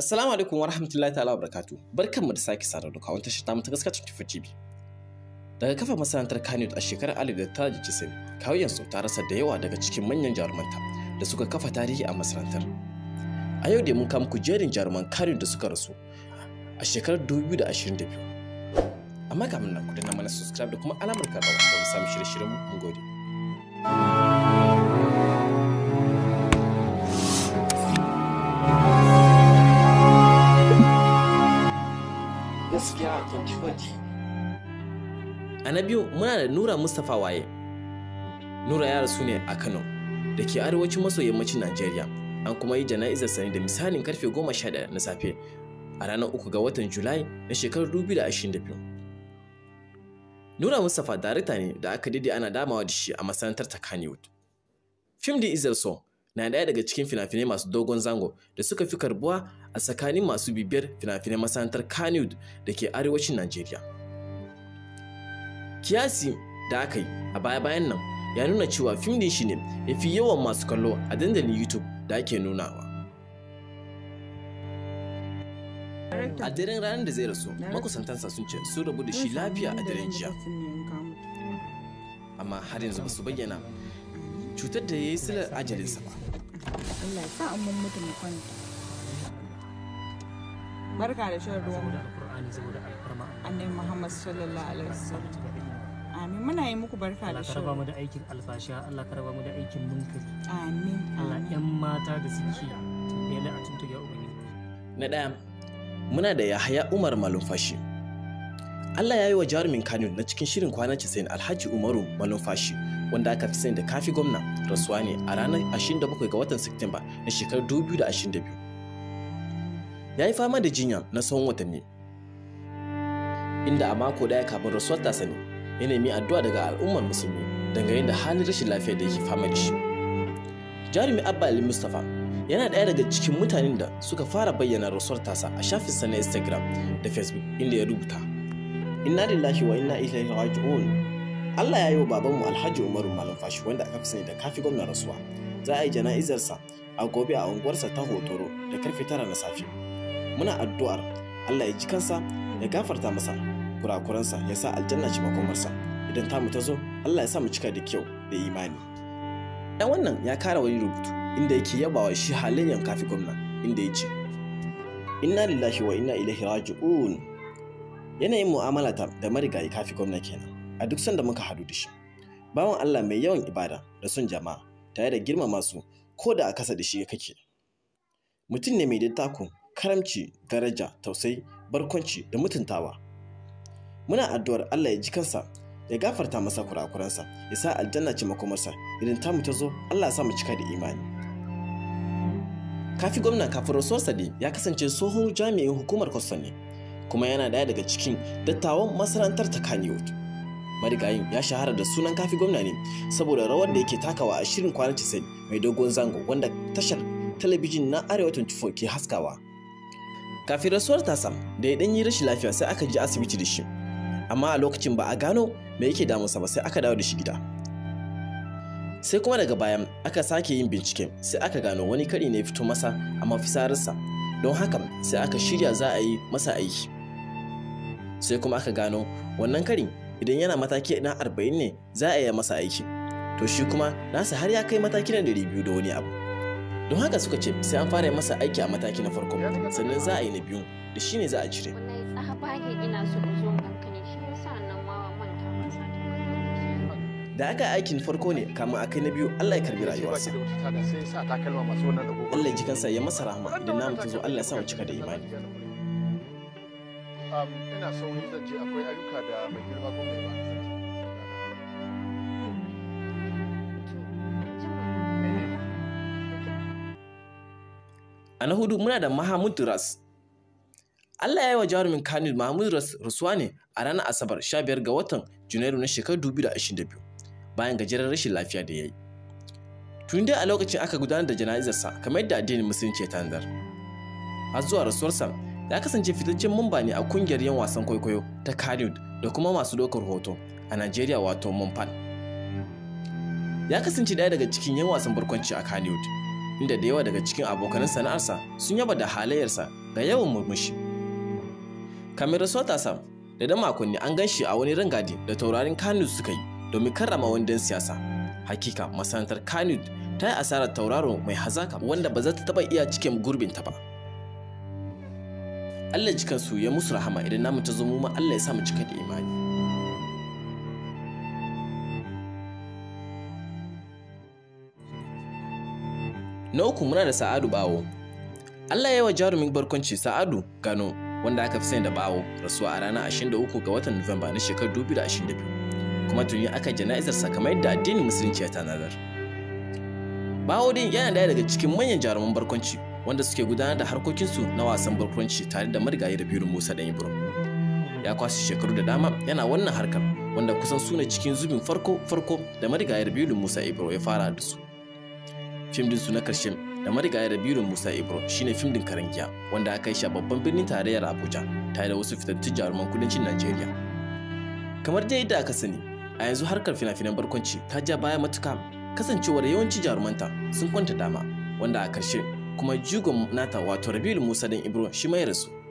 Assalamu alaikum wa rahmatullahi ta'ala wa barakatu. Barkanmu da sake sadar da kawon tashar tamu ta gaskacin cibi Daga kafa masana'antar Kanyut a shekarar 1990, kawuyan su ta rasa da yawa daga cikin manyan jarumanta da suka kafa tarihi a masana'antar. A yau da mun kama ku jerin jaruman Kanyut da suka rasu a shekarar 2022. Amma kamin nan ku danna mana subscribe da kuma alamar karrawa don samun shirye-shiryen mu. Mun gode. A na biyu muna da Nura Mustapha Waye. Nura ya rasu ne a Kano da ke arewacin maso yammacin Najeriya. An kuma yi jana'izar sani da misalin karfe 11 na safe a ranar uku ga watan Julai na shekarar 2022. Nura Mustapha darita ne da aka dade ana damawa da shi a masanantar ta Kannywood. Fim da Izar So na ɗaya daga cikin finafinai masu dogon zango da suka fi karbuwa a tsakanin masu bibiyar finafinai masanantar masana'antar Kannywood da ke arewacin Najeriya. kiyasi da aka yi a baya-bayan nan ya nuna cewa fim din shi ne ya fi yawan masu kallo a dandalin youtube da ake nunawa a daren ranar da zai rasu makusantansa sun ce sun rabu da shi lafiya a daren jiya amma har yanzu ba su bayyana cutar da ya yi silar ajalinsa ba sa mutu Barka da shan ruwan. Annabi Muhammad sallallahu alaihi wasallam. amin muna yi muku barka da shirya Allah ka mu da aikin alfasha Allah karaba mu da aikin munkari amin Allah yan mata da suke tumbele a tuntuge ubangiji na daya muna da Yahaya Umar Malumfashi Allah ya yi wa jarumin Kano na cikin shirin kwana 90 Alhaji Umaru Malumfashi wanda aka fi sani da kafi gwamna rasuwa ne a ranar 27 ga watan Satumba na shekarar 2022 ya yi fama da jinya na tsawon watanni inda a mako daya kafin rasuwar ta sani ya nemi addu'a daga al'ummar musulmi dangane da halin rashin lafiya da yake fama da shi jarumi abba ali mustapha yana ɗaya daga cikin mutanen da suka fara bayyana rasuwar tasa a shafinsa na instagram da facebook inda ya rubuta inna lillahi wa inna ilaihi raji'un Allah ya yi wa babanmu Alhaji Umaru fashi wanda aka fi sani da kafi gwamna rasuwa za a yi jana'izarsa a gobe a unguwarsa ta Hotoro da karfe tara na safe. Muna addu'ar Allah ya ji kansa ya gafarta masa kurakuransa ya sa aljanna ci makomarsa idan tamu ta zo Allah ya sa mu cika da kyau da imani dan wannan ya kara wani rubutu inda yake yabawa shi yan kafi gwamna inda ya ce inna lillahi wa inna ilaihi raji'un yanayin mu'amala ta da marigayi kafi gwamna kenan a duk sanda muka hadu da shi bawan Allah mai yawan ibada da sun jama'a tare da girmama su ko da a kasa da shi kake mutum ne mai dattako karamci daraja tausayi barkwanci da mutuntawa muna addu'ar Allah ya ji kansa ya gafarta masa kurakuransa ya sa aljanna ce makomarsa idan tamu ta zo Allah ya sa mu cika da imani kafi gwamna kafin ne ya kasance tsohon jami'in hukumar kwastam ne kuma yana daya daga cikin dattawan masarantar ta kaniyot marigayin ya shahara da sunan kafi gwamna ne saboda rawar da yake takawa a shirin kwanan sai mai dogon zango wanda tashar talabijin na arewa 24 ke haskawa kafin rasuwar tasa da ya yi rashin lafiya sai aka je asibiti da shi amma a lokacin ba a gano me yake damunsa ba sai aka dawo da shi gida sai kuma daga bayan aka sake yin binciken sai aka gano wani kari ne fito masa a mafisarinsa don haka sai aka shirya za a yi masa aiki sai kuma aka gano wannan kari idan yana mataki na arba'in ne za a yi masa aiki to shi kuma nasa har ya kai mataki na ɗari biyu da wani abu don haka suka ce sai an fara masa aiki a mataki na farko sannan za a yi na biyu da shi ne za a cire. ina so zo da aka aikin farko ne kama akai na biyu Allah ya karbi rayuwarsa Allah ya ji kansa ya masa rahama da namu ta zo Allah ya sa mu cika da imani ina so zan je akwai ayyuka da mai girma ba A na hudu muna da Mahamud Ras. Allah ya yi wa jarumin Kanil Mahamud Ras rasuwa ne a ranar Asabar 15 ga watan Junairu na shekarar 2022. bayan gajeren rashin lafiya da ya yi. Tun dai a lokacin aka gudanar da jana'izarsa kamar yadda addinin musulunci ya tanadar. Har zuwa rasuwarsa ya kasance fitaccen mamba ne a kungiyar yan wasan kwaikwayo ta Kanyud da kuma masu ɗaukar hoto a Najeriya wato Mumfan. Ya kasance ɗaya daga cikin yan wasan barkwanci a Kanyud, inda da yawa daga cikin abokanan sana'arsa sun yaba da halayyarsa ga yawan murmushi. Kamar rasuwa da dan makonni an gan shi a wani rangadi da taurarin Kanyud suka yi. domin karrama dan siyasa hakika masanantar kanud ta yi asarar tauraro mai hazaka wanda ba za ta taba iya cikin ta ba Allah jikansu ya musu rahama idan namu ta zo ma Allah ya sa mu cika da imani Na uku muna da Sa'adu Bawo. Allah ya yi wa jarumin barkwanci Sa'adu Gano wanda aka fi sani da Bawo rasuwa a ranar 23 ga watan Nuwamba na shekarar 2022. kuma tuni aka sa kamar yadda addinin musulunci ya tanadar bahodin yana daya daga cikin manyan jaruman barkwanci wanda suke gudanar da harkokinsu na wasan barkwanci tare da marigayi da birin musa da ibro ya kwashe shekaru da dama yana wannan harkar wanda kusan suna cikin zubin farko farko da marigayar birin musa ibro ya fara da su fim din su na karshe da marigayar birin musa ibro shine fim din karangiya wanda aka yi shi a babban birnin tarayyar abuja tare da wasu fitattun jaruman kudancin najeriya kamar dai yadda aka sani a yanzu harkar fina-finan barkwanci ta ja baya matuka kasancewar yawanci jarumanta sun kwanta dama wanda a karshe kuma jigon nata wato rabiul musa dan ibro shi ma ya rasu